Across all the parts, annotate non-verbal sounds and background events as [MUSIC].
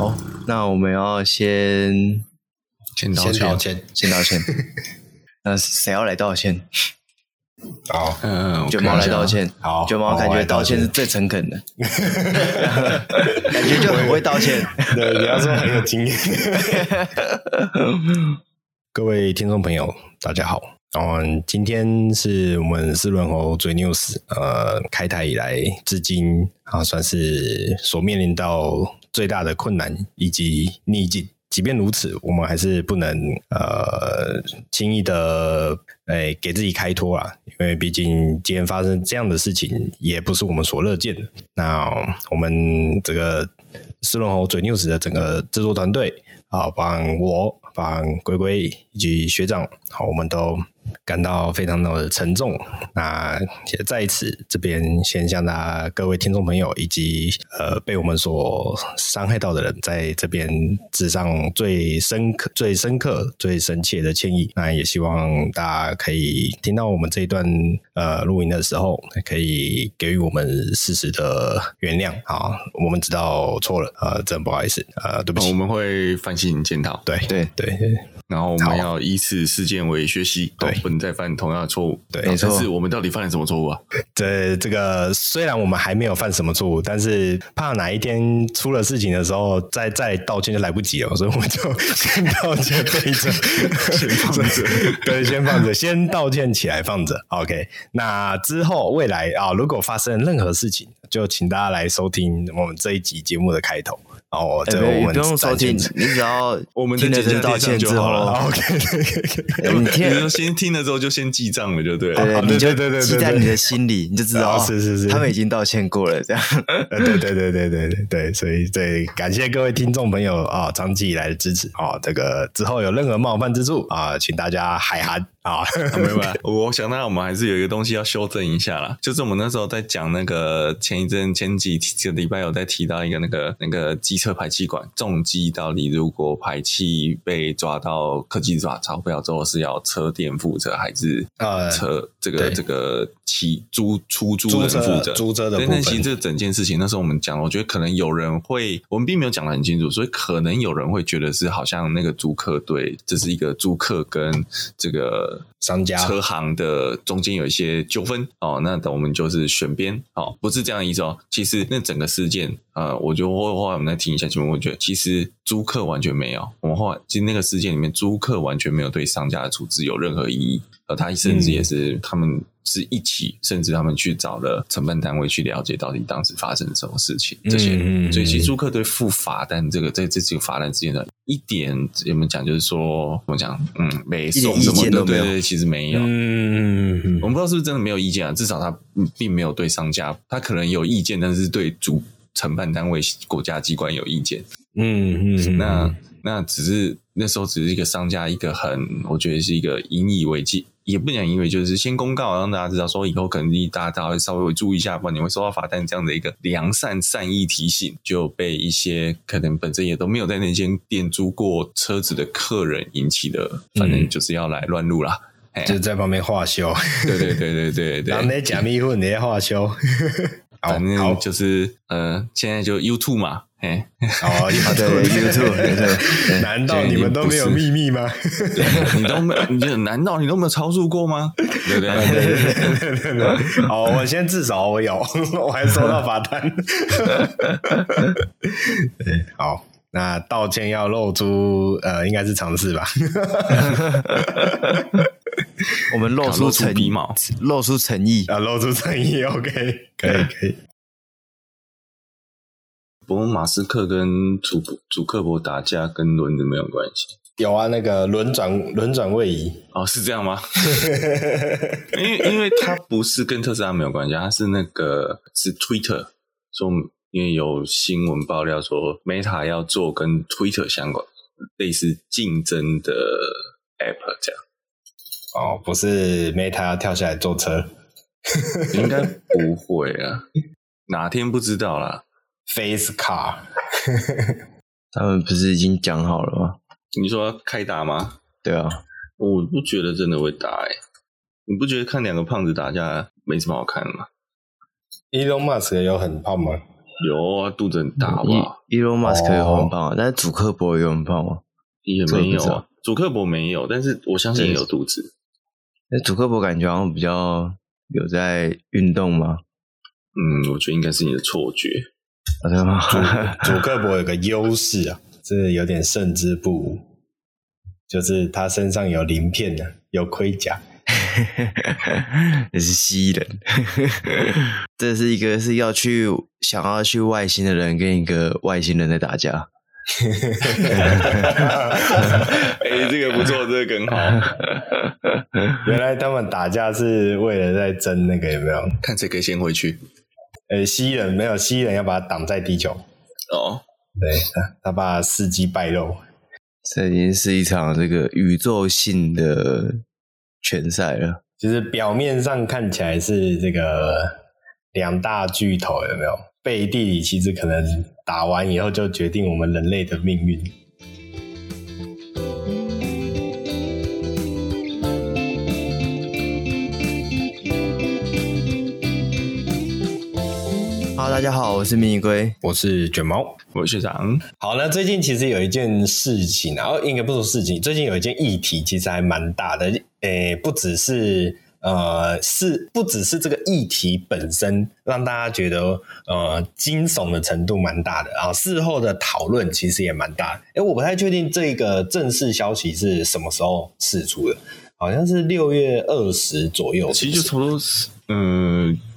好，那我們要先，先道歉，先道歉。那誰、 [LAUGHS] 呃、要來道歉？好，嗯，捲毛來道歉。好，捲毛感覺道歉是最誠懇的， [LAUGHS] 感覺就很會道歉。也 [LAUGHS] 對， [LAUGHS] 你要說很有經驗。 [LAUGHS] 各位聽眾朋友，大家好。嗯、uh,，今天是我們四輪猴嘴 News 呃、uh, 開臺以來至今啊，uh, 算是所面臨到。最大的困難，以及逆境，即便如此，我們還是不能呃輕易的哎、欸、給自己開脫了，因為畢竟今天發生這樣的事情，也不是我們所樂見的。那我們這個《四龍猴嘴 News 的整個製作團隊啊，包含我包含龜龜以及學長，好，我們都。感到非常的沉重，那也在此這邊先向大家各位聽眾朋友以及呃被我們所傷害到的人，在這邊致上最深刻、最深刻、最深切的歉意。那也希望大家可以聽到我們這一段呃錄音的時候，可以給予我們適時的原諒啊。我們知道錯了，呃，真不好意思，呃，對不起，嗯、我們會反省檢討。對對對對。然後我們要以此事件為學習，不能再犯同樣的錯誤。對，但是我們到底犯了什麼錯誤啊？對，這，這個雖然我們還沒有犯什麼錯誤，但是怕哪一天出了事情的時候，再再道歉就來不及了，所以我們就先道歉， [LAUGHS] 先放着， [LAUGHS] 對，先放着，先道歉起來，放着。OK，那之後未來啊，如果發生任何事情，就請大家來收聽我們這一集節目的開頭。哦，對，不用道歉，你只要我們跟姐姐道歉就好了。OK，你聽，先聽了之後就先記賬了，就對了。對對對，記在你的心裡，你就知道，是是是，他們已經道歉過了，這樣。對對對對對對對，所以對，感謝各位聽眾朋友啊，長期以來的支持啊，這個之後有任何冒犯之處啊，請大家海涵。 [LAUGHS] 好啊，沒有， [LAUGHS] 我想那我們還是有一個東西要修正一下啦，就是我們那時候在講那個前一陣前幾個禮拜有在提到一個那個那個機車排氣管重機，到底如果排氣被抓到科技抓超標之後是要車店負責，還是啊車這個、oh, yeah. 這個騎對租出租，租，租人負責租？租車的部分。其實這整件事情那時候我們講，我覺得可能有人會，我們並沒有講得很清楚，所以可能有人會覺得是好像那個租客對，這是一個租客跟這個。商家車行的中間有一些糾紛哦，那我們就是選邊哦，不是這樣的意思哦。其實那整個事件，啊、呃，我就會後來我們再聽一下新聞，其實我覺得其實租客完全沒有，我們後來其實那個事件裡面租客完全沒有對商家的處置有任何異議，而、呃、他甚至也是、嗯、他們。是一起，甚至他們去找了承辦單位去了解到底當時發生了什麼事情。這些，嗯、所以其實租客對付罰單，但這個在這次罰單之前的一點，有沒有講？就是說，怎麼講？嗯，沒送什麼的，都沒有對，對對，其實沒有。嗯，我們不知道是不是真的沒有意見啊？至少他、嗯、並沒有對商家，他可能有意見，但是對主承辦單位、國家機關有意見。嗯嗯，嗯，那那只是那時候只是一個商家，一個很，我覺得是一個引以，以為戒。也不講因為就是先公告讓大家知道，說以後可能大家大家稍微會注意一下，不然你會收到罰單，這樣的一個良善善意提醒，就被一些可能本身也都沒有在那間店租過車子的客人引起的，反正就是要來亂入啦，嗯啊、就在旁邊化修，對對對對對對， [LAUGHS] 人家假米粉，你也化修。 [LAUGHS] 反正就是呃，現在就 YouTube 嘛，哎，哦，YouTube，YouTube， [LAUGHS] 難道你們都沒有秘密嗎？ [LAUGHS] 你都沒，你就難道你都沒有超速過嗎？對對對對對對。好，對我先至少我有，我還收到罰單 [LAUGHS] 。好，那道歉要露出，呃，應該是常事吧。 [LAUGHS] [LAUGHS] 我們露出誠意，露出誠意啊！露出誠意，OK，可以，可以。不過馬斯克跟祖祖克柏打架跟輪子沒有關係，有啊，那個輪轉輪轉位移。哦，是這樣嗎？ [LAUGHS] [LAUGHS] 因為因為他不是跟特斯拉沒有關係，他是那個是 Twitter 說，因為有新聞爆料說 Meta 要做跟 Twitter 相關類似競爭的 App 這樣。哦，不是 Mate 要跳下來坐車，應該不會啊， [LAUGHS] 哪天不知道啦。Face 卡 car， [LAUGHS] 他們不是已經講好了嗎？你說要開打嗎？對啊，我不覺得真的會打誒、欸、你不覺得看兩個胖子打架沒什麼好看嗎？Elon Musk 有很胖嗎？有、啊，肚子很大哇 Elon、e、Musk 有很胖，啊，哦、但是祖克伯有很胖啊也沒有啊，祖克伯沒有，但是我相信也有肚子。那祖克伯感覺好像比較有在運動嗎？嗯，我覺得應該是你的錯覺、啊。真的嗎？祖祖克伯有個優勢啊，是有點勝之不武，就是他身上有鱗片的、啊，有盔甲， [LAUGHS] 也是蜥蜴人。 [LAUGHS] 這是一個是要去想要去外星的人跟一個外星人在打架。哈哈哈！哈哎、 [LAUGHS] [LAUGHS] 欸，這個不錯，這個更好。 [LAUGHS] 原來他們打架，是為了在爭那個有沒有？看誰可以先回去。呃、欸，蜥蜴人沒有蜥蜴人，要把他擋在地球。哦，對，他怕時機敗露。這已經是一場這個宇宙性的拳賽了。就是表面上看起來是這個兩大巨頭有沒有？背地裡其實可能。打完以後就決定我們人類的命運。Hello，大家好，我是迷你龜，我是卷毛，我是學長。好，那最近其實有一件事情，然後應該不說事情，最近有一件議題，其實還蠻大的，誒，不只是。呃，是不只是這個議題本身讓大家覺得呃驚悚的程度蠻大的啊，事後的討論其實也蠻大的。哎、欸，我不太確定這個正式消息是什麼時候釋出的，好像是六月二十左右是不是？其實就從嗯。呃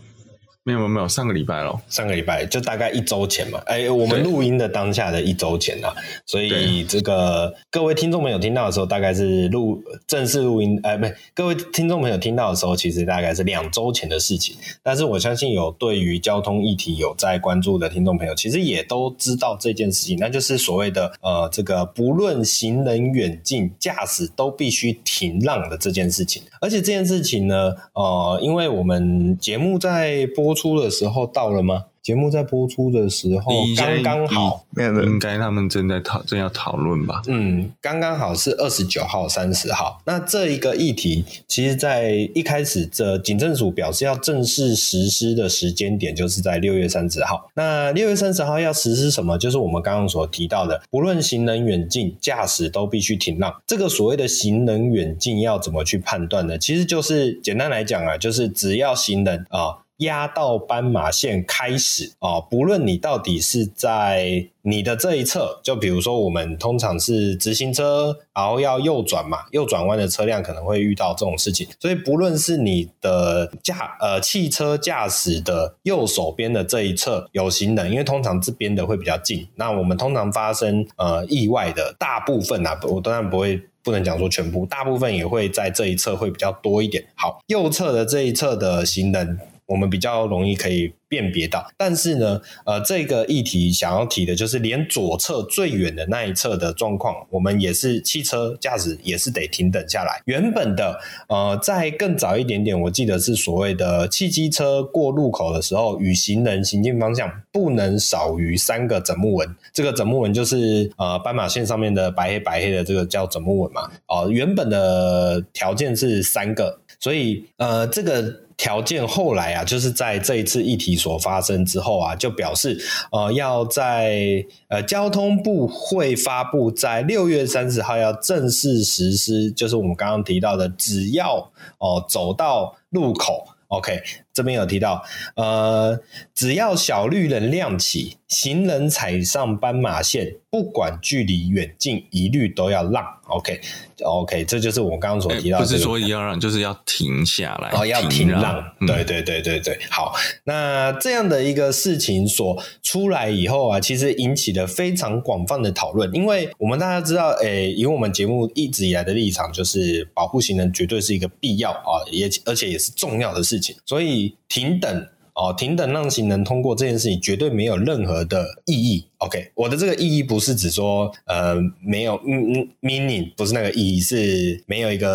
沒有沒有沒有，上個禮拜咯、哦，上個禮拜就大概一周前嘛，哎，我們錄音的當下的一周前啊，所以這個對各位聽眾朋友聽到的時候，大概是錄正式錄音，哎，不，各位聽眾朋友聽到的時候，其實大概是兩周前的事情。但是我相信有對於交通議題有在關注的聽眾朋友，其實也都知道這件事情，那就是所謂的呃，這個不論行人遠近，駕駛都必須停讓的這件事情。而且這件事情呢，呃，因為我們節目在播。播出的時候到了嗎？節目在播出的時候剛剛好，嗯、應該他們正在討，正要討論吧？嗯，剛剛好是二十九號、三十號。那這一個議題，其實，在一開始，這警政署表示要正式實施的時間點，就是在六月三十號。那六月三十號要實施什麼？就是我們剛剛所提到的，不論行人遠近，駕駛都必須停讓。這個所謂的行人遠近，要怎麼去判斷呢？其實就是簡單來講啊，就是只要行人啊。哦壓到斑馬線開始啊、哦，不論你到底是在你的這一側，就比如說我們通常是直行車，然後要右轉嘛，右轉彎的車輛可能會遇到這種事情。所以不論是你的駕呃汽車駕駛的右手邊的這一側有行人，因為通常這邊的會比較近。那我們通常發生呃意外的大部分啊，我當然不會不能講說全部，大部分也會在這一側會比較多一點。好，右側的這一側的行人。我們比較容易可以辨別到，但是呢，呃，這個議題想要提的就是，連左側最遠的那一側的狀況，我們也是汽車駕駛也是得停等下來。原本的呃，在更早一點點，我記得是所謂的汽機車過路口的時候，與行人行進方向不能少於三個整木紋枕木紋。這個枕木紋就是呃斑馬線上面的白黑白黑的這個叫枕木紋嘛。哦、呃，原本的條件是三個，所以呃這個。條件後來啊，就是在這一次議題所發生之後啊，就表示呃，要在呃交通部會發布在六月三十號要正式實施，就是我們剛剛提到的，只要哦、呃、走到路口，OK。這邊有提到，呃，只要小綠人亮起，行人踩上斑馬線，不管距離遠近，一律都要讓。OK，OK，、okay, okay, 這就是我剛剛所提到的、這個欸，不是說要讓，就是要停下來，哦，要停讓。對、嗯、對對對對，好，那這樣的一個事情所出來以後啊，其實引起了非常廣泛的討論，因為我們大家知道，誒、欸，以我們節目一直以來的立場，就是保護行人絕對是一個必要啊，也而且也是重要的事情，所以。停等哦，停等讓行人通過這件事情絕對沒有任何的意義。OK，我的這個意義不是指說呃沒有嗯嗯 meaning 不是那個意義，是沒有一個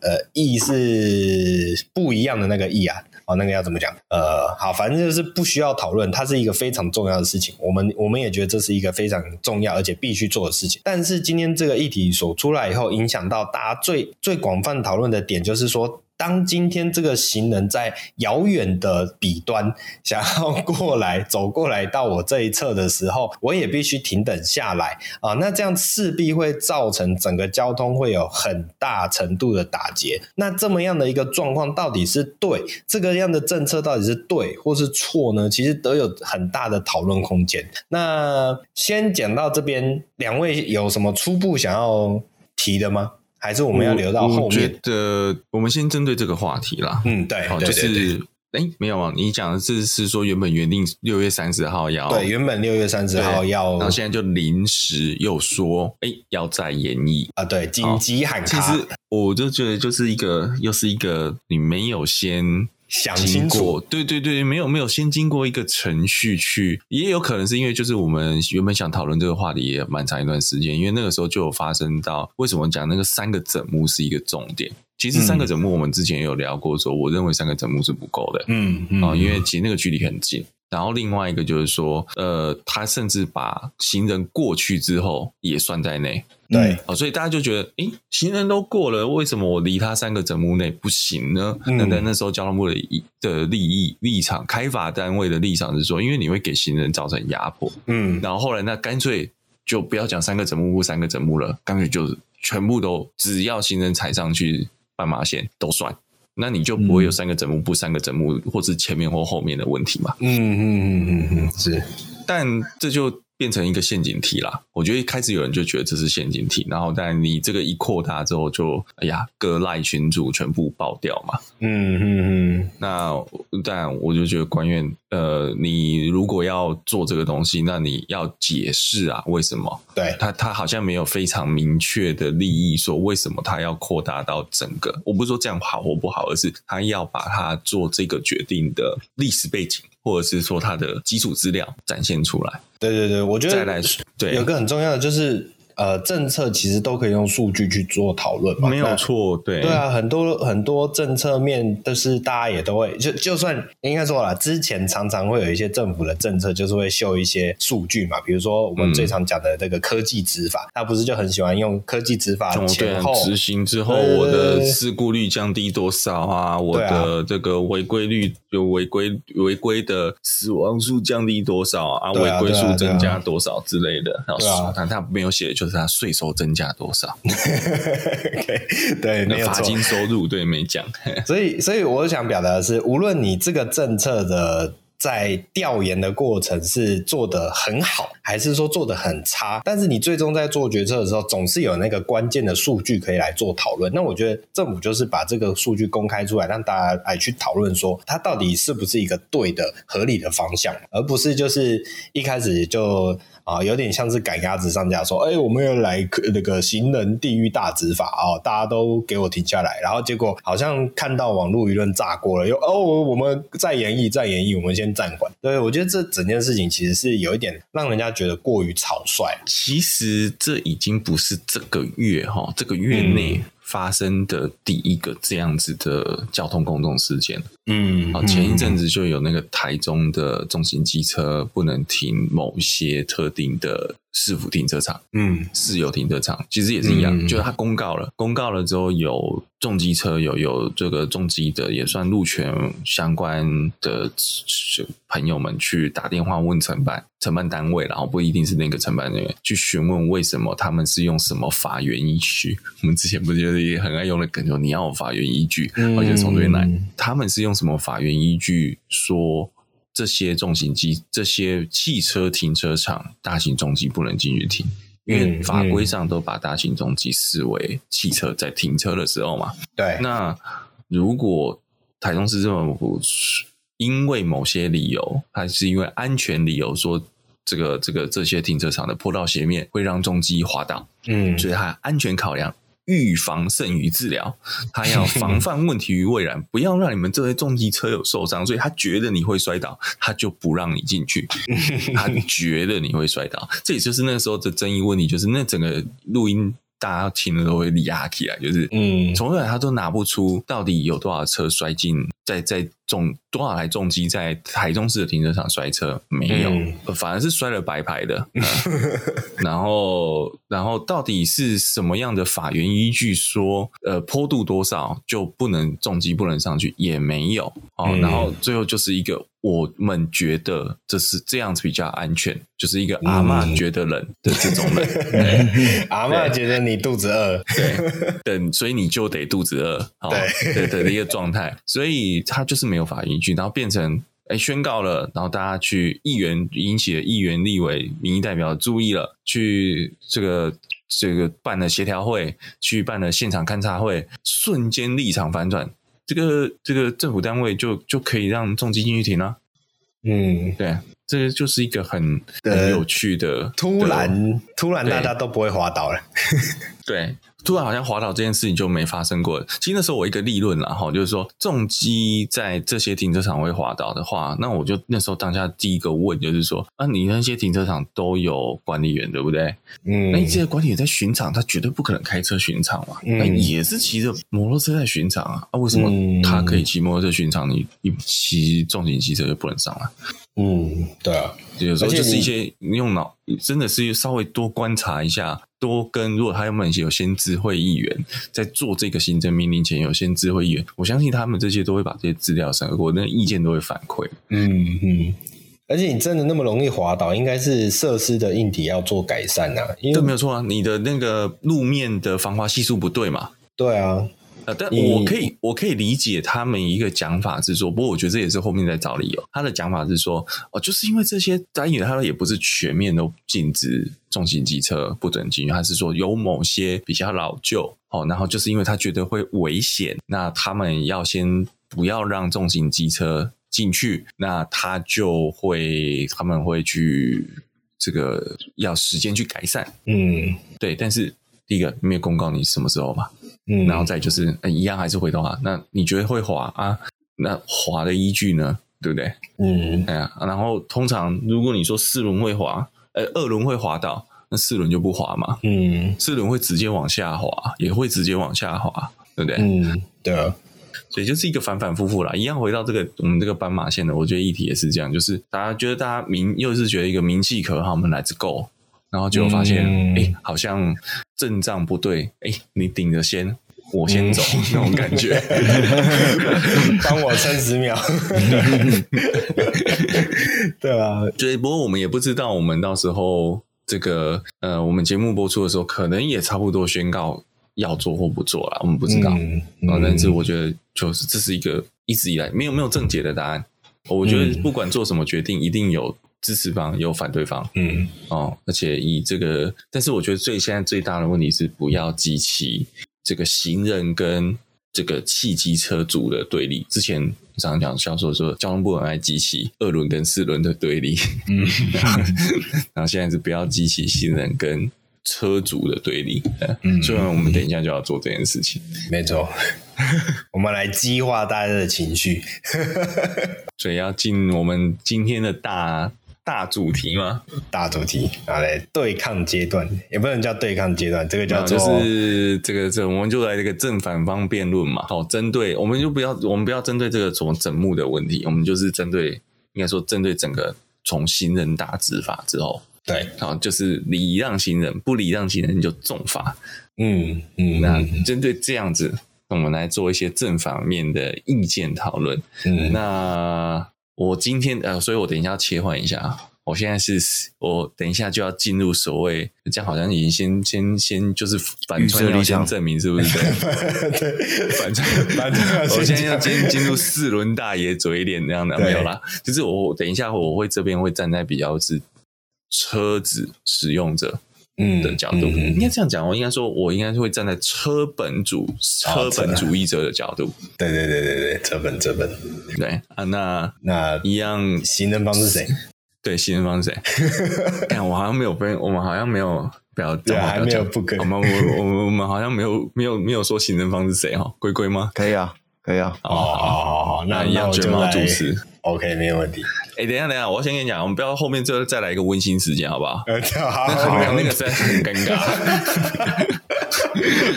呃意義是不一樣的那個意啊哦那個要怎麼講呃好，反正就是不需要討論，它是一個非常重要的事情。我們我們也覺得這是一個非常重要而且必須做的事情。但是今天這個議題所出來以後，影響到大家最最廣泛討論的點，就是說。當今天這個行人在遙遠的彼端想要過來走過來到我這一側的時候，我也必須停等下來啊！那這樣勢必會造成整個交通會有很大程度的打結。那這麼樣的一個狀況，到底是對這個樣的政策，到底是對或是錯呢？其實都有很大的討論空間。那先講到這邊，兩位有什麼初步想要提的嗎？還是我們要留到後面。我我覺得我們先針對這個話題啦，嗯，對，好就是，哎、欸，沒有啊，你講的是是說原本原定六月三十號要，對，原本六月三十號要，對然後現在就臨時又說，哎、欸，要再演繹。啊，對，緊急喊卡。其實我就覺得就是一個又是一個你沒有先。想經過對對對，沒有沒有，先經過一個程序去，也有可能是因為就是我們原本想討論這個話題也蠻長一段時間，因為那個時候就有發生到為什麼講那個三個枕木是一個重點，其實三個枕木我們之前也有聊過說，說我認為三個枕木是不夠的，嗯嗯、哦，因為其實那個距離很近。然後另外一個就是說，呃，他甚至把行人過去之後也算在內，對啊、嗯，所以大家就覺得，誒，行人都過了，為什麼我離他三個枕木內不行呢？嗯、那在那時候，交通部的的利益立場，開發單位的立場是說，因為你會給行人造成壓迫，嗯，然後後來那乾脆就不要講三個枕木或三個枕木了，乾脆就全部都只要行人踩上去斑馬線都算。那你就不會有三個枕木不三個枕木，或是前面或後面的問題嘛。嗯，嗯嗯嗯嗯嗯，是。但這就。變成一個陷阱題啦，我覺得一開始有人就覺得這是陷阱題，然後但你這個一擴大之後就，就哎呀，各賴群組全部爆掉嘛。嗯嗯嗯。嗯嗯那但我就覺得官員，呃，你如果要做這個東西，那你要解釋啊，為什麼？對他，他好像沒有非常明確的利益，說為什麼他要擴大到整個？我不是說這樣好或不好，而是他要把他做這個決定的歷史背景，或者是說它的基礎資料展現出來，對對對，我覺得再來，對，有個很重要的就是，呃，政策其實都可以用數據去做討論，沒有錯，對對啊，很多很多政策面都是大家也都會，就就算應該說啦，之前常常會有一些政府的政策就是會秀一些數據嘛，比如說我們最常講的這個科技執法，他、嗯、不是就很喜歡用科技執法前後執行之後，我的事故率降低多少啊，對對對對，我的這個違規率。就違規違規的死亡數降低多少啊，違規數增加多少之類的，啊啊啊、然後他他沒有寫，就是他稅收增加多少， [LAUGHS] okay, 對，那罰金收入 [LAUGHS] 對，對沒講， [LAUGHS] 所以所以我想表達的是，無論你這個政策的。在調研的過程是做得很好，還是說做得很差？但是你最終在做決策的時候，總是有那個關鍵的數據可以來做討論。那我覺得政府就是把這個數據公開出來，讓大家來去討論，說它到底是不是一個對的、合理的方向，而不是就是一開始就。啊、哦，有點像是趕鴨子上架，說，哎、欸，我們要來那個行人地獄大執法啊、哦，大家都給我停下來。然後結果好像看到網絡輿論炸鍋了，又哦，我們再研議，再研議，我們先暫緩。對我覺得這整件事情其實是有一點讓人家覺得過於草率。其實這已經不是這個月哈、哦，這個月內。嗯發生的第一個這樣子的交通公眾事件，嗯，啊，前一陣子就有那個台中的重型機車不能停某些特定的市府停車場，嗯，市有停車場其實也是一樣，嗯、就是他公告了，公告了之後有重機車有有這個重機的也算路權相關的。是朋友們去打電話問承辦承辦單位，然後不一定是那個承辦人員去詢問，為什麼他們是用什麼法源依據？我們之前不是就是很愛用的梗，說你要有法源依據，嗯、而且從這裡來，他們是用什麼法源依據說這些重型機、這些汽車停車場、大型重機不能進去停，因為法規上都把大型重機視為汽車，在停車的時候嘛。對、嗯，嗯、那如果台中市政府。因為某些理由，還是因為安全理由，說這個這個這些停車場的坡道斜面會讓重機滑倒。嗯，所以他安全考量，預防勝於治療，他要防範問題於未然， [LAUGHS] 不要讓你們這些重機車友受傷。所以他覺得你會摔倒，他就不讓你進去。 [LAUGHS] 他覺得你會摔倒，這也就是那時候的爭議問題，就是那整個錄音大家聽了都會牙起來，就是嗯，從來，來他都拿不出到底有多少車摔進在在。在重，多少台重機在臺中市的停車場摔車沒有？嗯、反而是摔了白牌的。呃、 [LAUGHS] 然後，然後到底是什麼樣的法源依據說，呃，坡度多少就不能重機不能上去？也沒有哦。嗯、然後最後就是一個我們覺得這是這樣子比較安全，就是一個阿嬤覺得冷的這種人。阿嬤覺得你肚子餓，對，對，等，所以你就得肚子餓，哦、對，對的一個狀態。所以他就是。沒有法依據，然後變成哎宣告了，然後大家去議員引起了議員立委民意代表注意了，去這個這個辦了協調會，去辦了現場勘察會，瞬間立場反轉，這個這個政府單位就就可以讓重機進去停了啊。嗯，對，這個就是一個很對很有趣的，突然對突然大家都不會滑倒了， [LAUGHS] 對。突然好像滑倒這件事情就沒發生過了。其實那時候我一個立論了哈，就是說重機在這些停車場會滑倒的話，那我就那時候當下第一個問就是說：啊，你那些停車場都有管理員對不對？嗯，那你、欸、這些、個、管理員在巡場，他絕對不可能開車巡場嘛。那、嗯欸、也是騎着摩托車在巡場啊。啊，為什麼他可以騎摩托車巡場，你騎重型機車就不能上了、啊？嗯，對啊，有時候就是一些用腦，真的是稍微多觀察一下，多跟。如果他有沒有一些有先知會議員在做這個行政命令前，有先知會議員，我相信他們這些都會把這些資料審核過，那個、意見都會反饋。嗯嗯，而且你真的那麼容易滑倒，應該是設施的硬體要做改善吶、啊，因為沒有錯啊，你的那個路面的防滑係數不對嘛。對啊。呃，但我可以，嗯，我可以理解他們一個講法是說，不過我覺得這也是後面在找理由。他的講法是說，哦，就是因為這些單元，他說也不是全面都禁止重型機車不准進去，他是說有某些比較老舊，哦，然後就是因為他覺得會危險，那他們要先不要讓重型機車進去，那他就會他們會去這個要時間去改善，嗯，對。但是第一個沒有公告你什麼時候吧。嗯，然後再就是、欸、一樣，還是回頭滑？那你覺得會滑啊？那滑的依據呢？對不對？嗯，哎呀、啊，然後通常如果你說四輪會滑，哎、欸，二輪會滑倒，那四輪就不滑嘛。嗯，四輪會直接往下滑，也會直接往下滑，對不對？嗯，對啊。所以就是一個反反復復啦。一樣回到這個我們這個斑馬線的，我覺得議題也是這樣，就是大家覺得大家名又是覺得一個名氣可好，我們來自 go 然後就發現，哎、嗯欸，好像陣仗不對，哎、欸，你頂着先，我先走，嗯、那種感覺，幫我三十秒，嗯、 [LAUGHS] 對啊，所以不過我們也不知道，我們到時候這個，呃，我們節目播出的時候，可能也差不多宣告要做或不做了，我們不知道。啊、嗯，嗯、然後但是我覺得，就是這是一個一直以來沒有沒有正解的答案。嗯、我覺得不管做什麼決定，一定有。支持方有反對方，嗯，哦，而且以這個，但是我覺得最現在最大的問題是不要激起這個行人跟這個汽機車主的對立。之前常常講笑售說，說交通部門來激起二輪跟四輪的對立，嗯，樣 [LAUGHS] 然後現在是不要激起行人跟車主的對立。嗯，所以我們等一下就要做這件事情，沒錯，我們來激化大家的情緒， [LAUGHS] 所以要進我們今天的大大主題嗎？大主題，好嘞。對抗階段也不能叫對抗階段，這個叫做就是這個這個，我們就來這個正反方辯論嘛。好，針對我們就不要，嗯、我們不要針對這個從整目的問題，我們就是針對，應該說針對整個從行人大執法之後，對，好，就是禮讓行人，不禮讓行人就重罰。嗯嗯，嗯，那針對這樣子，我們來做一些正反面的意見討論。嗯，那。我今天呃，所以我等一下要切換一下，我現在是我等一下就要進入所謂，這樣好像已經先先先就是反串立場證明是不是？對，反串，反串 [LAUGHS] 川。川我現在要進進入四輪大爺嘴臉這樣的對、啊，沒有啦，就是我等一下我會這邊會站在比較是車子使用者。嗯的角度，應該這樣講，我應該說，我應該是會站在車本主車本主義者的角度。對對對對對，車本車本對啊，那那一樣，行人方是誰？對，行人方是誰？我好像沒有被，我們好像沒有表，不我們我們我們好像沒有沒有沒有說行人方是誰哈？龜龜嗎？可以啊，可以啊。哦，好好好，那一樣，卷毛主持。OK，沒有問題。哎、欸，等一下，等一下，我先跟你講，我們不要後面最後再來一個溫馨時間，好不好？那、嗯、好，好啊、那個真的很尷尬。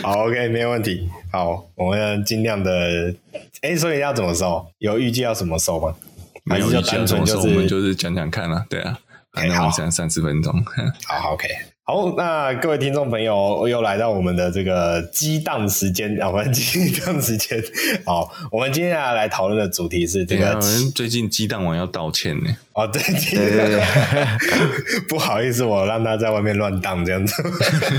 [LAUGHS] [LAUGHS] 好，OK，沒有問題。好，我們盡量的。哎、欸，所以要怎麼收，有預計要怎麼收嗎？還是就是、沒有，就單純就是我們就是講講看了、啊，對啊，okay, 反正我們講三十分鐘，okay, 好，呵呵好，OK。好，那各位聽眾朋友，我又來到我們的這個激盪時間啊，我們激盪時間。好，我們今天要來討論的主題是：這個，啊、最近激盪王要道歉呢。哦，最近對，對，對， [LAUGHS] [LAUGHS] 不好意思，我讓他在外面亂盪這樣子。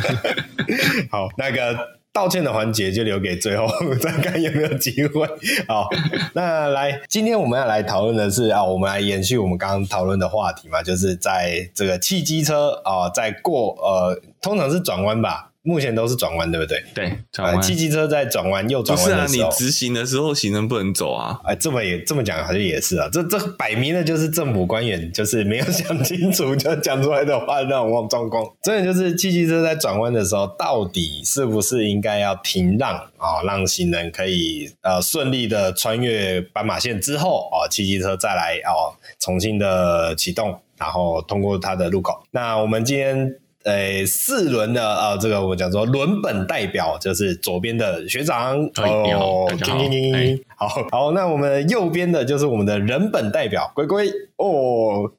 [LAUGHS] [LAUGHS] 好，那個。道歉的環節就留給最後， [LAUGHS] 看看有沒有機會。好， [LAUGHS] 那來，今天我們要來討論的是啊，我們來延續我們剛剛討論的話題嘛，就是在這個汽機車啊，在過呃，通常是轉彎吧。目前都是轉彎，對不對？對，呃、汽機車在轉彎、右轉彎的時是候、啊、你直行的時候行人不能走啊！哎、呃，這麼也這麼講，好像也是啊。這這擺明的就是政府官員就是沒有想清楚 [LAUGHS] 就講出來的話那種狀光真的就是汽機車在轉彎的時候，到底是不是應該要停讓啊、哦？讓行人可以呃順利的穿越斑馬線之後、哦、汽機車再來哦重新的啟動，然後通過它的路口。那我們今天。誒，四輪的啊、呃，這個我們講說輪本代表就是左邊的學長嘿哦，好好，那我們右邊的就是我們的人本代表龜龜哦，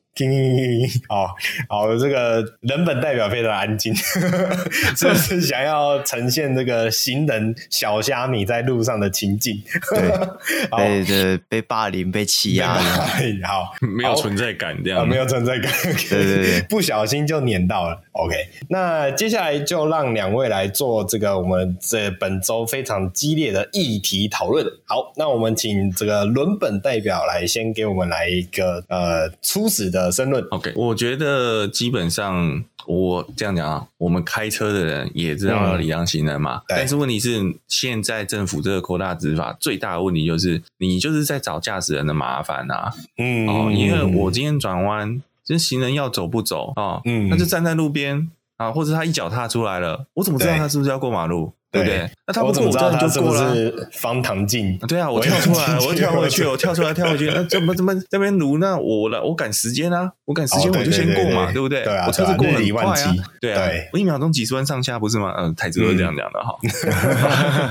好好，這個人本代表非常安靜，對 [LAUGHS] 就是想要呈現這個行人小蝦米在路上的情景，對， [LAUGHS] 好被被霸凌被欺壓，好，好沒有存在感這樣、呃，沒有存在感， [LAUGHS] 對對對，對，不小心就輾到了。OK，那接下來就讓兩位來做這個我們這本周非常激烈的議題討論。好，那我們請這個倫本代表來先給我們來一個呃初始的申論。OK，我覺得基本上我這樣講啊，我們開車的人也知道要禮讓行人嘛，嗯、但是問題是現在政府這個擴大執法最大的問題就是你就是在找駕駛人的麻煩吶、啊。嗯，哦，因為我今天轉彎。就是行人要走不走啊？嗯，那就站在路邊啊，或者他一腳踏出來了，我怎麼知道他是不是要過馬路？對不對？那他過，我自然就過了。方唐鏡。對啊，我跳出來，我跳回去，我跳出來，跳回去。那怎麼怎麼這邊堵？那我來，我趕時間啊，我趕時間，我就先過嘛，對不對？我車子過了一萬七。對啊，我一秒鐘幾十萬上下不是嗎？嗯，台詞都是這樣講的哈。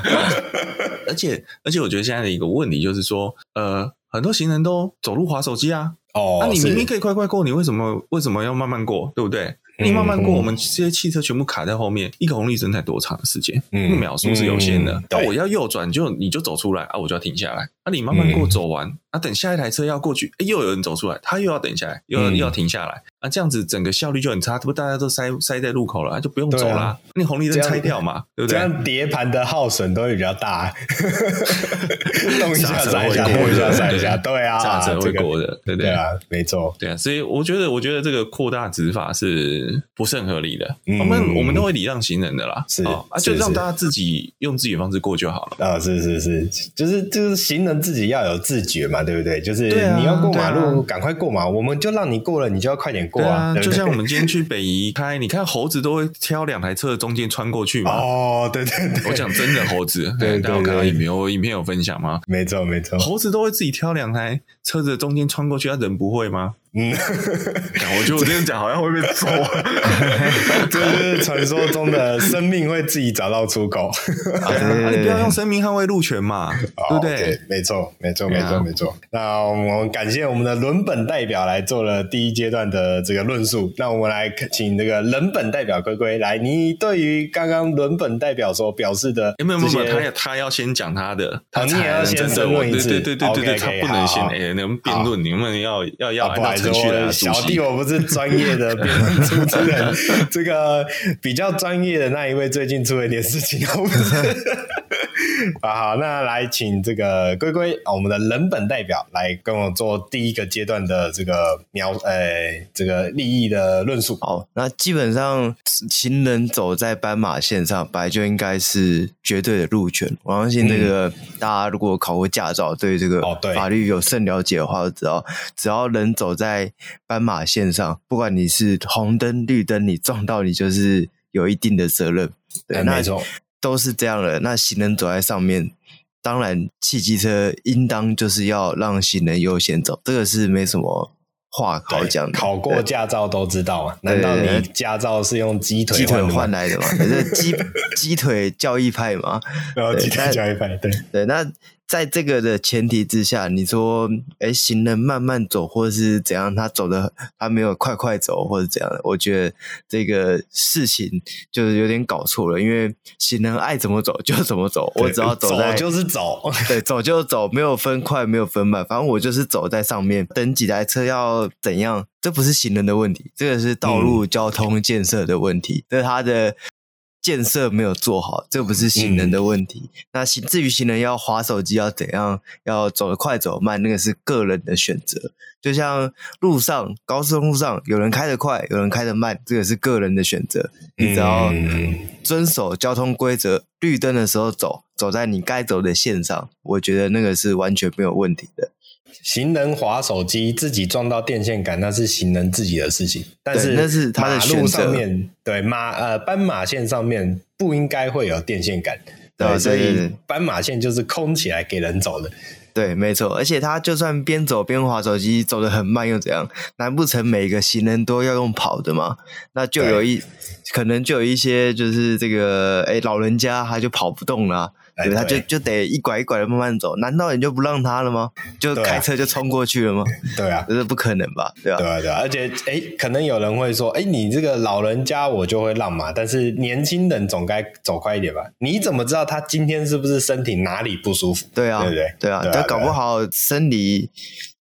而且而且，我覺得現在的一個問題就是說，呃，很多行人都走路滑手機啊。哦，那、啊、你明明可以快快過，是你為什麼為什麼要慢慢過？對不對？嗯、你慢慢過，嗯、我們這些汽車全部卡在後面。一個紅綠燈才多長的時間，嗯嗯？嗯，秒數是有限的。那、啊、我要右轉，就你就走出來啊，我就要停下來。啊，你慢慢過，嗯、走完。啊，等下一台車要過去，哎，又有人走出來，他又要等下來，又要要停下來。啊，這樣子整個效率就很差，這不大家都塞、塞在路口了，就不用走了。那紅綠燈拆掉嘛，對不對？這樣疊盤的耗損都會比較大。動一下，踩一下，摸一下，踩一下，對啊，煞車會過的，對不對啊？沒錯，對啊。所以我覺得，我覺得這個擴大執法是不是很合理的？我們我們都會禮讓行人的啦，是啊，就讓大家自己用自己的方式過就好了。啊，是是是，就是就是行人自己要有自覺嘛。對不對？就是你要過馬路，啊啊、趕快過嘛！我們就讓你過了，你就要快點過啊！就像我們今天去北宜開， [LAUGHS] 你看猴子都會挑兩台車的中間穿過去嘛。哦，對對對，我講真的，猴子對，對，對，大家有看到影片。我影片有分享嗎？沒錯沒錯，猴子都會自己挑兩台車子的中間穿過去，他人不會嗎？嗯，我覺得我這樣講好像會被揍，就是傳說中的生命會自己找到出口。哈，你不要用生命捍衛路權嘛，對不對？沒錯，沒錯，沒錯，沒錯。那我們感謝我們的倫本代表來做了第一階段的這個論述。那我們來請這個人本代表龜龜來，你對於剛剛倫本代表所表示的，沒有沒有，他他要先講他的，你也要先辯論，對對對對對，他不能先哎，你們辯論，你們要要要。我的小弟我不是專業的主持人， [LAUGHS] [LAUGHS] 這個比較專業的那一位最近出了一點事情，啊 [LAUGHS] [LAUGHS] 好，好，那來請這個龜龜，我們的人本代表來跟我做第一個階段的這個描，呃、欸，這個利益的論述。好，那基本上行人走在斑馬線上本來就應該是絕對的路權，我相信這個、嗯、大家如果考過駕照，對這個法律有甚了解的話，哦、就知道，只要只要人走在。在斑馬線上，不管你是紅燈綠燈，你撞到你就是有一定的責任。對，欸、那種錯都是這樣的。那行人走在上面，當然，汽機車應當就是要讓行人優先走，這個是沒什麼話好講的。對對考過駕照都知道啊，對對對，難道你駕照是用雞腿換來的嗎？ [LAUGHS] 可是雞雞腿教育派嘛？然後雞腿教育派，但對對，那。在這個的前提之下，你說，誒行人慢慢走，或者是怎樣？他走得他沒有快快走，或者是怎樣，我覺得這個事情就是有點搞錯了。因為行人愛怎麼走就怎麼走，對我只要走在，走就是走，對，走就走，沒有分快，沒有分慢，反正我就是走在上面，等幾台車要怎樣？這不是行人的問題，這個是道路交通建設的問題，嗯、這是他的。建設沒有做好，這不是行人的問題。嗯、那行至於行人要滑手機，要怎樣，要走得快走得慢，那個是個人的選擇。就像路上高速路上，有人開得快，有人開得慢，這個是個人的選擇。你只要遵守交通規則，綠燈的時候走，走在你該走的線上，我覺得那個是完全沒有問題的。行人滑手機，自己撞到電線桿，那是行人自己的事情。但是，那是他的馬路上面對馬呃斑馬線上面不應該會有電線桿。對，對，所以斑馬線就是空起來給人走的對對對對對。對，沒錯。而且他就算邊走邊滑手機，走得很慢又怎樣？難不成每個行人都要用跑的嗎？那就有一對可能就有一些就是這個誒老人家他就跑不動了、啊。對，他就對就得一拐一拐的慢慢走。難道你就不讓他了嗎？就開車就衝過去了嗎？對啊，這 [LAUGHS] 是不可能吧？對啊，對啊，對啊。而且，哎，可能有人會說，哎，你這個老人家我就會讓嘛，但是年輕人總該走快一點吧？你怎麼知道他今天是不是身體哪裡不舒服？對啊，對對，對啊，他、啊、搞不好身體。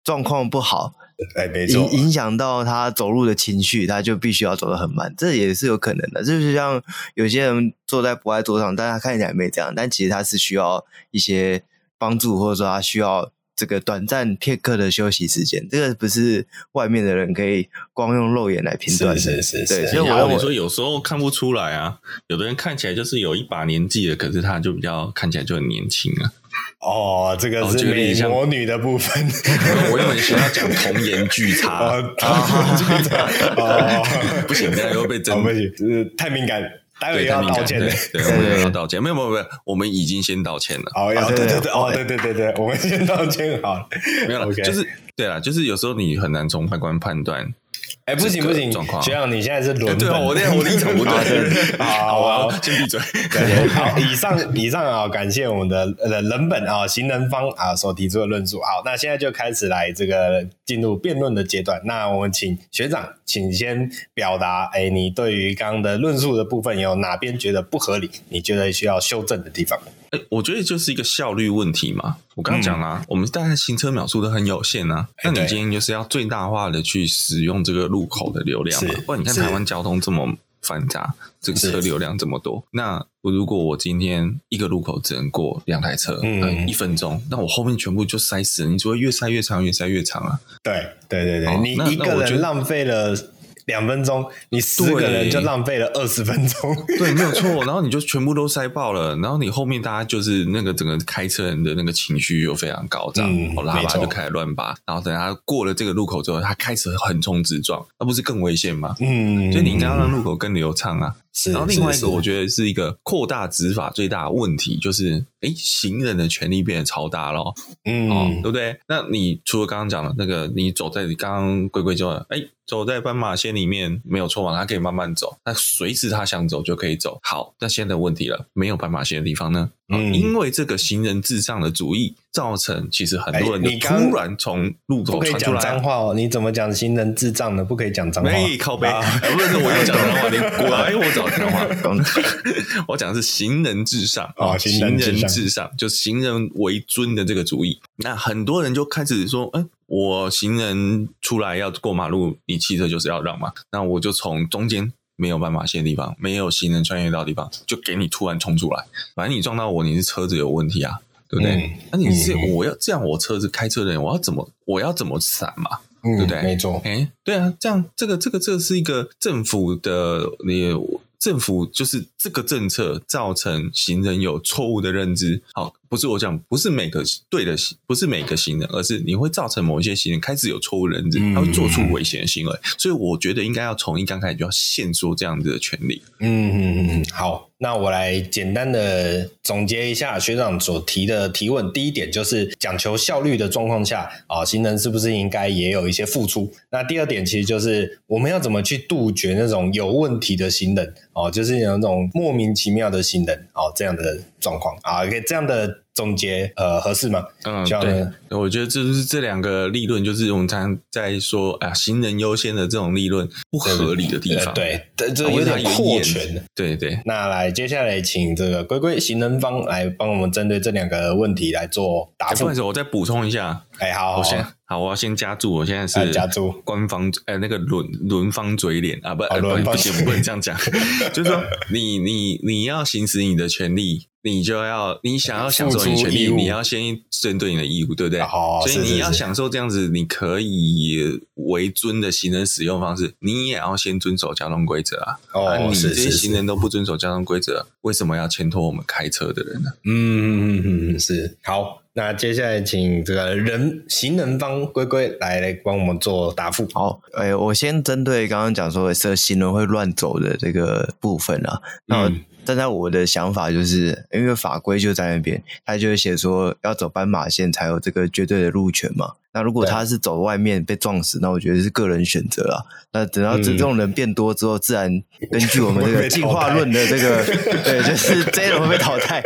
狀況不好，哎、欸，沒錯，影響到他走路的情緒，他就必須要走得很慢，這也是有可能的。就是像有些人坐在博愛座上，但他看起來沒這樣，但其實他是需要一些幫助，或者說他需要這個短暫片刻的休息時間。這個不是外面的人可以光用肉眼來評斷，是是是，對。所以說有時候看不出來啊，有的人看起來就是有一把年紀了，可是他就比較看起來就很年輕啊。哦，這個是魔女的部分。我有一些要講童顏巨差，童顏巨差。哦，不行，不然又被整。不行，太敏感，待會要道歉，對，我們要道歉，沒有沒有沒有，我們已經先道歉了。好，對對對，哦對對對對，我們先道歉好，沒有了。就是對啊，就是有時候你很難從外觀判斷。哎，不行不行，學長，你現在是輪本。對、啊，一我這 [LAUGHS] 我的立場不對。好，我要先閉嘴。感謝好，以上以上啊、哦，感謝我們的呃人本啊、哦、行人方啊所提出的論述。好，那現在就開始來這個進入辯論的階段。那我們請學長，請先表達，哎，你對於剛的論述的部分有哪邊覺得不合理？你覺得需要修正的地方？哎、欸，我覺得就是一個效率問題嘛。我剛剛講了，嗯、我們大家行車秒數都很有限啊。欸、那你今天就是要最大化的去使用這個路口的流量嘛。是不然你看台灣交通這麼繁雜，是這個車流量這麼多，是那如果我今天一個路口只能過兩台車，嗯，嗯一分鐘，那我後面全部就塞死了，你只會越塞越長，越塞越長啊。對對對對，哦、你一個人浪費了。兩分鐘，你四個人就浪費了二十分鐘，對。對，沒有錯。 [LAUGHS] 然後你就全部都塞爆了。然後你後面大家就是那個整個開車人的那個情緒又非常高漲，嗯、然後喇叭就開始亂拔錯然後等他過了這個路口之後，他開始橫衝直撞，那不是更危險嗎？嗯，所以你應該要讓路口更流暢啊。嗯然後另外一個，我覺得是一個擴大執法最大的問題，就是，哎，行人的權利變得超大了，嗯，哦，對不對？那你除了剛剛講的那個，你走在你剛剛規規之外，哎，走在斑馬線裡面沒有錯嘛？他可以慢慢走，那隨時他想走就可以走。好，那現在的問題了，沒有斑馬線的地方呢？嗯，哦，因為這個行人至上的主義。造成其實很多人就突然從路口衝出來，講髒、哎、話哦，你怎麼講行人智障的？不可以講髒話，靠北。啊哎、不是我要講髒話，哎、你管、哎、我講髒話。主 [LAUGHS] 我講的是行人至上啊，哦、行人至上，行人至上，就行人為尊的這個主義。那很多人就開始說，哎、欸，我行人出來要過馬路，你汽車就是要讓嘛？那我就從中間沒有斑馬線的地方，沒有行人穿越到的地方，就給你突然衝出來，反正你撞到我，你是車子有問題啊。對不對？那、嗯啊、你是我要、嗯、這樣，我車子開車的人，我要怎麼我要怎麼閃嘛？對不對？嗯、沒錯。哎、欸，對啊，這樣這個這個這個、是一個政府的，你政府就是這個政策造成行人有錯誤的認知，好。不是我講，不是每個對的，不是每個行人，而是你會造成某一些行人開始有錯誤認知，他會做出危險的行為。所以我覺得應該要從一剛開始就要限縮這樣子的權利。嗯，嗯嗯，好，那我來簡單的總結一下學長所提的提問。第一點就是講求效率的狀況下啊，行人是不是應該也有一些付出？那第二點其實就是我們要怎麼去杜絕那種有問題的行人哦，就是有那種莫名其妙的行人哦，這樣的狀況啊，OK，這樣的。總結，呃，合適嗎？嗯，對，我覺得這就是這兩個利潤，就是我們常常在說，啊，行人優先的這種利潤不合理的地方，對，這有點擴權，對、啊、對。那來，接下來請這個龜龜行人方來幫我們針對這兩個問題來做答復、欸。我再補充一下，哎、欸，好，好，好，我先。好，我要先加註。我現在是加註官方嘴，呃，那個輪輪方嘴臉啊，不，輪方嘴臉，不行，我不能這樣講，就是說，你你你要行使你的權利，你就要你想要享受你的權利，你要先針對你的義務，對不對？所以你要享受這樣子，你可以為尊的行人使用方式，你也要先遵守交通規則啊。哦，你這些行人都不遵守交通規則，為什麼要牽拖我們開車的人呢？嗯嗯，是好。那接下來，請這個人行人方龜龜來來幫我們做答覆。好，哎、欸，我先針對剛剛講說的是行人會亂走的這個部分啊，那、嗯。但在我的想法就是，因為法規就在那邊，他就會寫說要走斑馬線才有這個絕對的路權嘛。那如果他是走外面被撞死，那我覺得是個人選擇啊。那等到這種人變多之後，嗯、自然根據我們這個進化論的這個，對，就是這種會被淘汰，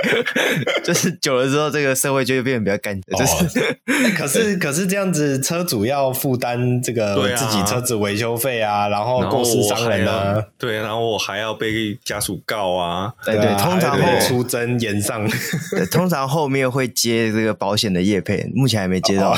就是久了之後，這個社會就會變得比較乾淨。Oh. 就是，可是可是這樣子，車主要負擔這個自己車子維修費啊，啊然後過失傷人啊、啊，對、啊，然後我還要被家屬告啊。對、啊、對，通常會出征演上對，通常後面會接這個保險的業配，目前還沒接到。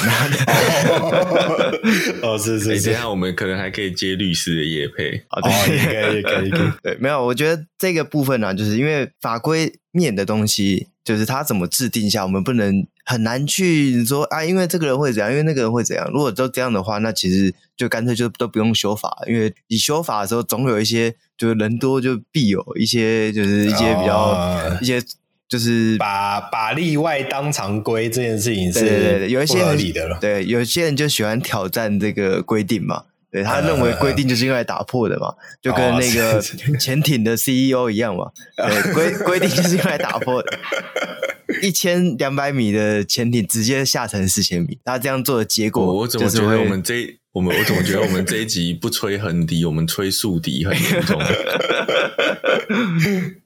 哦，是是，等一下我們可能還可以接律師的業配。哦，應該、哦、也可以。可以可以對，沒有，我覺得這個部分呢、啊，就是因為法規。面的東西就是他怎麼制定下，我們不能很難去說啊，因為這個人會怎樣，因為那個人會怎樣。如果都這樣的話，那其實就乾脆就都不用修法，因為你修法的時候總有一些，就是人多就必有一些，就是一些比較、哦、一些，就是把把例外當常規這件事情是有一些合理的了。對，對，對，有些人，對，有些人就喜歡挑戰這個規定嘛。對，他認為規定就是用來打破的嘛，uh, 就跟那個潛艇的 CEO 一樣嘛。Uh, 對 [LAUGHS] 規規定就是用來打破的，一千兩百米的潛艇直接下沉四千米。那這樣做的結果，我怎麼覺得我們這我們我總覺得我們這一集不吹橫笛， [LAUGHS] 我們吹豎笛，很嚴重。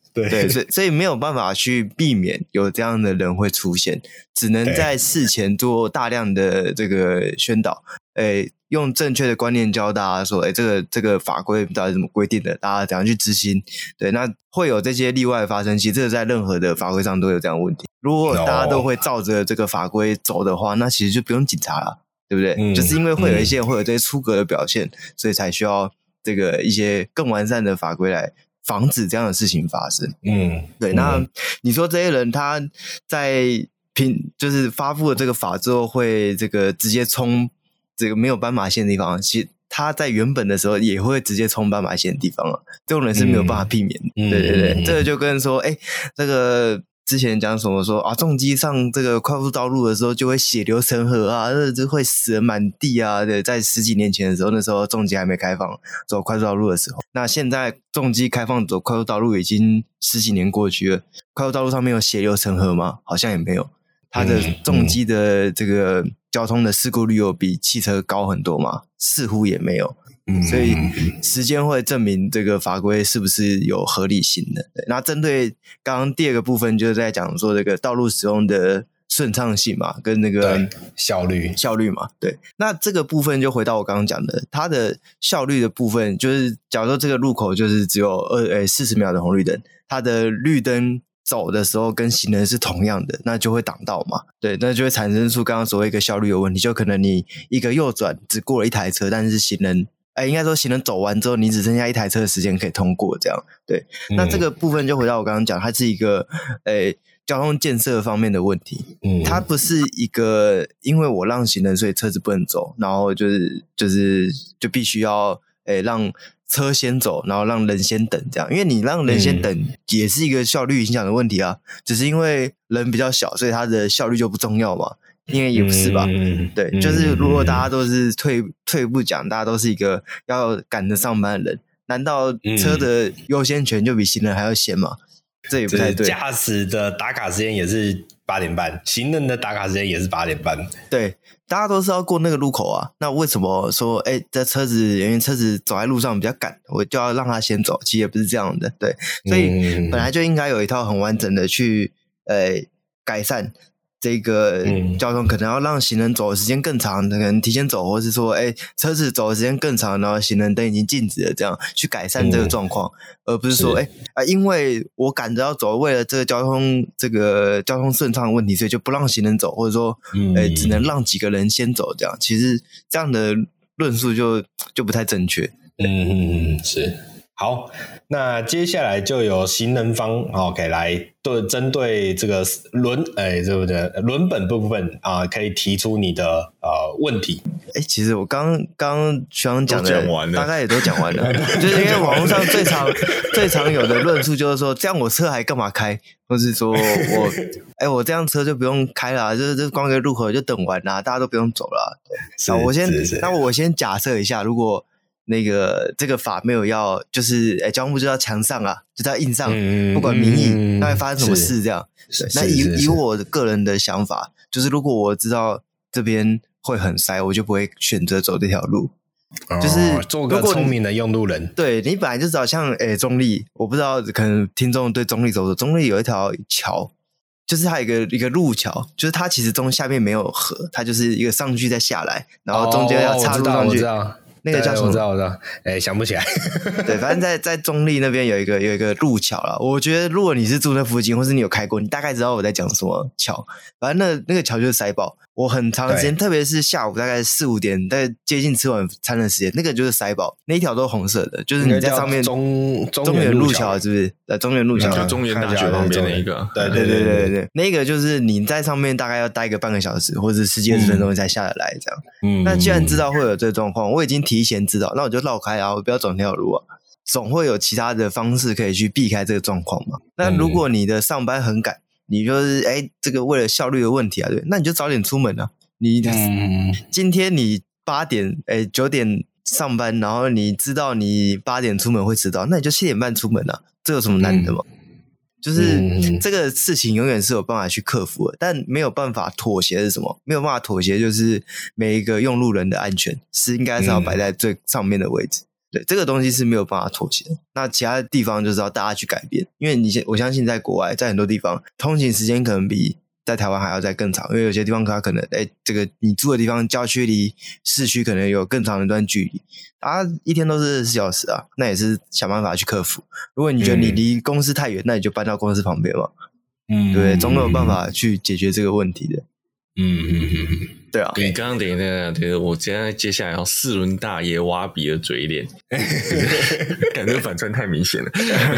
[LAUGHS] 對，對，所以所以沒有辦法去避免有這樣的人會出現，只能在事前做大量的這個宣導。對誒。用正確的觀念教大家說：“哎、欸，這個這個法規到底怎麼規定的？大家怎樣去執行？”對，那會有這些例外發生。其實，在任何的法規上都有這樣的問題。如果大家都會照着這個法規走的話，那其實就不用警察了，對不對？嗯、就是因為會有一些人會有這些出格的表現，嗯、所以才需要這個一些更完善的法規來防止這樣的事情發生。嗯，對。嗯、那你說這些人他在平就是發布了這個法之後，會這個直接衝？這個沒有斑馬線的地方，其實它在原本的時候也會直接衝斑馬線的地方啊，這種人是沒有辦法避免的。嗯、對對對，嗯、這個就跟說，哎、欸，這、那個之前講什麼說啊，重機上這個快速道路的時候就會血流成河啊，這就會死人滿地啊對。在十幾年前的時候，那時候重機還沒開放走快速道路的時候，那現在重機開放走快速道路已經十幾年過去了，快速道路上沒有血流成河嗎？好像也沒有。它的重機的這個交通的事故率有比汽車高很多嘛？似乎也沒有，嗯，所以時間會證明這個法規是不是有合理性的。那針對剛剛第二個部分，就是在講說這個道路使用的順暢性嘛，跟那個效率效率嘛，對。那這個部分就回到我剛剛講的，它的效率的部分，就是假如說這個路口就是只有二呃四十秒的紅綠燈，它的綠燈。走的時候跟行人是同樣的，那就會擋道嘛？對，那就會產生出剛剛所謂一個效率的問題，就可能你一個右轉只過了一台車，但是行人哎、欸，應該說行人走完之後，你只剩下一台車的時間可以通過這樣。對，那這個部分就回到我剛剛講，它是一個誒、欸、交通建設方面的問題，嗯，它不是一個因為我讓行人，所以車子不能走，然後就是就是就必須要誒、欸、讓車先走，然後讓人先等，這樣，因為你讓人先等，嗯、也是一個效率影響的問題啊。只是因為人比較小，所以它的效率就不重要嘛。因為也不是吧，嗯、對，嗯、就是如果大家都是退、嗯、退一步講，大家都是一個要趕着上班的人，難道車的優先權就比行人還要先嗎？嗯、這也不太對。駕駛的打卡時間也是。八點半，行人的打卡時間也是八點半。對，大家都是要過那個路口啊。那為什麼說，哎、欸，這車子因為車子走在路上比較趕，我就要讓他先走？其實也不是這樣的，對，所以本來就應該有一套很完整的去，呃，改善。這個交通可能要讓行人走的時間更長，嗯、可能提前走，或者是說，哎、欸，車子走的時間更長，然後行人燈已經禁止了，這樣去改善這個狀況，嗯、而不是說，啊是、欸呃，因為我趕着要走，為了這個交通這個交通順暢的問題，所以就不讓行人走，或者說，嗯欸、只能讓幾個人先走，這樣，其實這樣的論述就就不太正確。嗯嗯嗯，是。好，那接下來就由行人方 OK 來對針對這個輪哎，對、欸、不對？輪本部分啊、呃，可以提出你的呃問題。哎、欸，其實我剛剛剛剛講的，完了大概也都講完了， [LAUGHS] 就是因為網絡上最常 [LAUGHS] 最常有的論述就是說，這樣我車還幹嘛開？或、就是說我哎、欸，我這樣車就不用開了、啊，就是就是光個路口就等完啦，大家都不用走了。對，那是我先，是是是那我先假設一下，如果。那個這個法沒有要，就是哎，交通部就到牆上啊，就到硬上，嗯、不管民意，那會、嗯、發生什麼事？這樣，那以以，以我個人的想法，就是如果我知道這邊會很塞，我就不會選擇走這條路。哦、就是如果做個聰明的用路人。對你本來就好像哎、欸、中壢，我不知道，可能聽眾對中壢走的中壢有一條橋，就是它有一個一個路橋，就是它其實中下面沒有河，它就是一個上去再下來，然後中間要插入上去。哦對，叫什麼？我知道，我知道。哎、欸，想不起來。 [LAUGHS] 對，反正在在中壢那邊有一個有一個路橋啦。我覺得如果你是住那附近，或是你有開過，你大概知道我在講什麼橋。反正那那個橋就是塞爆。我很長時間，對特別是下午大概四五點，在接近吃晚餐的時間，那個就是塞爆。那一條都是紅色的，就是你在上面中中原路橋是不是？在中原路橋，嗯、就中原大學旁邊那的一個。對對對對對，嗯、那個就是你在上面大概要待個半個小時，或者十幾二十分鐘才下得來這樣。嗯。那既然知道會有這狀況，我已經提。提前知道，那我就繞開啊，我不要走那條路啊，總會有其他的方式可以去避開這個狀況嘛。那如果你的上班很趕，你就是哎，這個為了效率的問題啊，對不對，那你就早點出門啊。你，嗯，今天你八點哎九點上班，然後你知道你八點出門會遲到，那你就七點半出門啊，這有什麼難的嗎？嗯就是這個事情永遠是有辦法去克服的，嗯嗯，但沒有辦法妥協是什麼？沒有辦法妥協就是每一個用路人的安全是應該是要擺在最上面的位置。嗯嗯對，這個東西是沒有辦法妥協。那其他的地方就是要大家去改變，因為你我相信，在國外，在很多地方，通勤時間可能比在台灣還要再更長，因為有些地方它可能，哎、欸，這個你住的地方郊區離市區可能有更長的一段距離，啊，一天都是二十四小時啊，那也是想辦法去克服。如果你覺得你離公司太遠，嗯、那你就搬到公司旁邊嘛，嗯，對，對，總有辦法去解決這個問題的。嗯嗯嗯嗯。嗯嗯你、啊、Okay, 剛剛等那等，等我現在，接接下來要四輪大爺挖鼻的嘴臉， [LAUGHS] 感覺反轉太明顯了。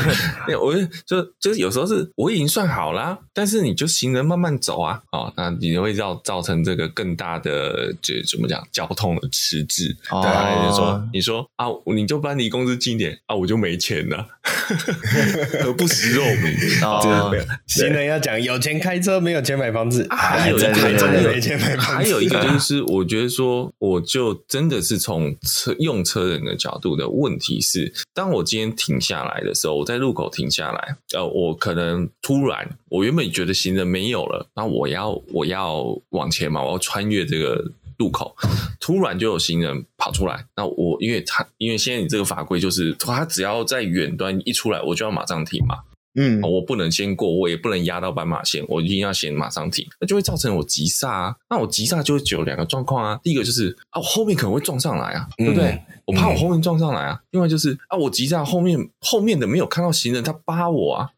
[LAUGHS] 我就是就是有時候是我已經算好啦，但是你就行人慢慢走啊，哦，那你會造造成這個更大的這怎麼講交通的遲滯？對啊、哦，你說你說啊，你就搬離公司近點啊，我就沒錢了。 [LAUGHS] 可不食肉糜，真的、 [LAUGHS] uh, 行人要講有錢開車，沒有錢買房子。有人開車，對對對對，沒有錢買房子。還有一個就是，我覺得說，我就真的是從車用車人的角度的問題是，當我今天停下來的時候，我在路口停下來，呃，我可能突然，我原本覺得行人沒有了，那我要我要往前嘛，我要穿越這個。路口突然就有行人跑出來，那我因為他因為現在你這個法規就是他只要在遠端一出來，我就要馬上停嘛。嗯，我不能先過，我也不能壓到斑馬線，我一定要先馬上停，那就會造成我急剎啊。那我急剎就會只有兩個狀況啊，第一個就是啊，我後面可能會撞上來啊，嗯、對不對？我怕我後面撞上來啊。嗯、另外就是啊，我急剎後面後面的沒有看到行人他扒我啊。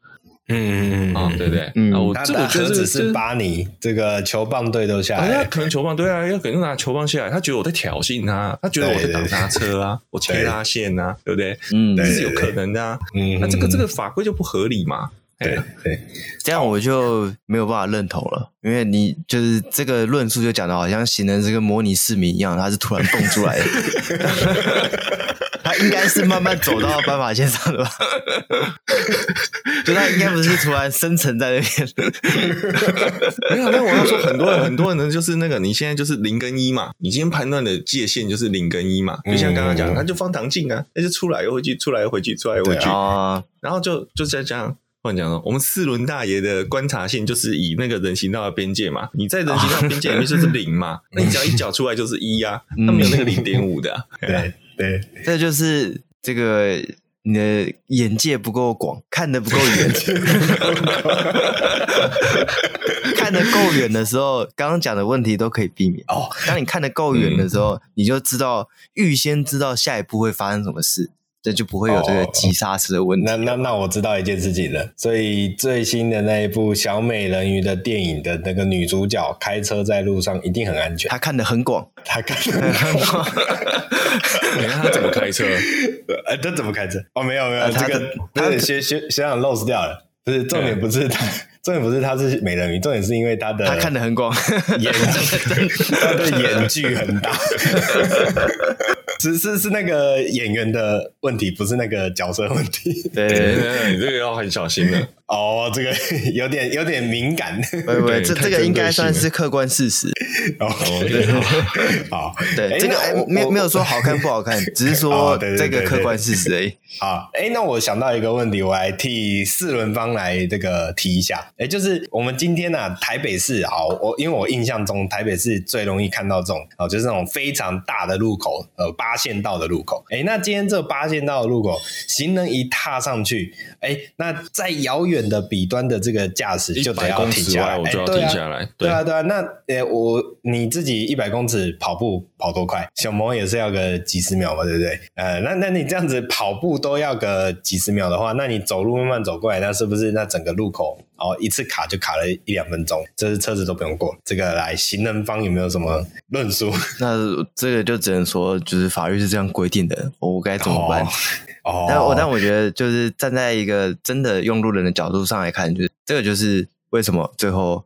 嗯啊對對，那我這個車子是把你這個球棒隊都下來，哎呀可能球棒隊啊要肯定拿球棒下來，他覺得我在挑釁他，他覺得我在擋他車啊，我切他線啊，對不對？嗯，這是有可能的。啊。嗯，那這個這個法規就不合理嘛。對對，這樣我就沒有辦法認同了，因為你就是這個論述就講的好像行人是跟模擬市民一樣，他是突然蹦出來的。他應該是慢慢走到斑馬線上的吧？ [LAUGHS] 就他應該不是突然生成在那邊。 [LAUGHS] [LAUGHS] 沒有，那我要說，很多人 [LAUGHS] 很多人呢，就是那個你現在就是零跟一嘛，你今天判斷的界限就是零跟一嘛。就像剛剛講的，他就方糖進啊，他就出來又回去，出來又回去，出來又回去啊。哦、然後就就這樣這樣講說，我們四輪大爺的觀察線就是以那個人行道的邊界嘛。你在人行道邊界裡面就是零嘛，哦、 [LAUGHS] 那你只要一腳出來就是一啊，嗯、他沒有那個零點五的、啊， [LAUGHS] 對。對，對，這就是這個你的眼界不夠廣，看得不夠遠。 [LAUGHS] 看得夠遠的時候，剛剛講的問題都可以避免。哦，當你看得夠遠的時候，你就知道預先知道下一步會發生什麼事。這就不會有這個急剎車的問題，哦。那那那我知道一件事情了，所以最新的那一部小美人魚的電影的那個女主角開車在路上一定很安全。她看得很廣，她看得很廣。 [LAUGHS] [LAUGHS] 你看她怎麼開車？她車、 [LAUGHS] 啊、怎麼開車？哦，沒有沒有，啊、這個不是學學學長 loss 掉了，不是重點不是、嗯、重點不是她是美人魚，重點是因為她的她看得很廣，眼她的眼距很大。 [LAUGHS] 是是是，那個演員的問題，不是那個角色問題。對，對，對， [LAUGHS] 你這個要很小心的。哦，這個有點有點敏感，對，這這個應該算是客觀事實。哦，好，對，這個哎，沒有沒有說好看不好看，只是說這個客觀事實。哎，好，哎，那我想到一個問題，我來替四輪方來這個提一下，哎，就是我們今天呢，台北市啊，我因為我印象中台北市最容易看到這種啊，就是那種非常大的路口，呃，八線道的路口。哎，那今天這八線道的路口，行人一踏上去，哎，那在遙遠。你的彼端的這個駕駛就都要停下來，我就要停下來，欸，啊，對啊，對啊。那誒、欸，我你自己一百公尺跑步跑多快？小魔也是要個幾十秒嘛，對不對？呃，那那你這樣子跑步都要個幾十秒的話，那你走路慢慢走過來，那是不是那整個路口哦一次卡就卡了一兩分鐘？這是車子都不用過，這個來行人方有沒有什麼論述？那這個就只能說，就是法律是這樣規定的，我該怎麼辦？哦但我、哦、但我覺得，就是站在一個真的用路人的角度上來看，就是這個就是為什麼最後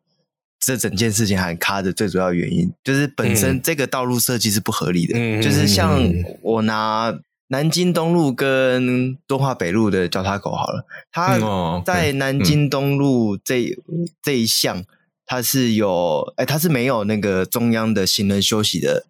這整件事情還卡的最主要原因，就是本身這個道路設計是不合理的。嗯、就是像我拿南京東路跟敦化北路的交叉口好了，它在南京東路這、嗯、這一項，它是有哎、欸，它是沒有那個中央的行人休息的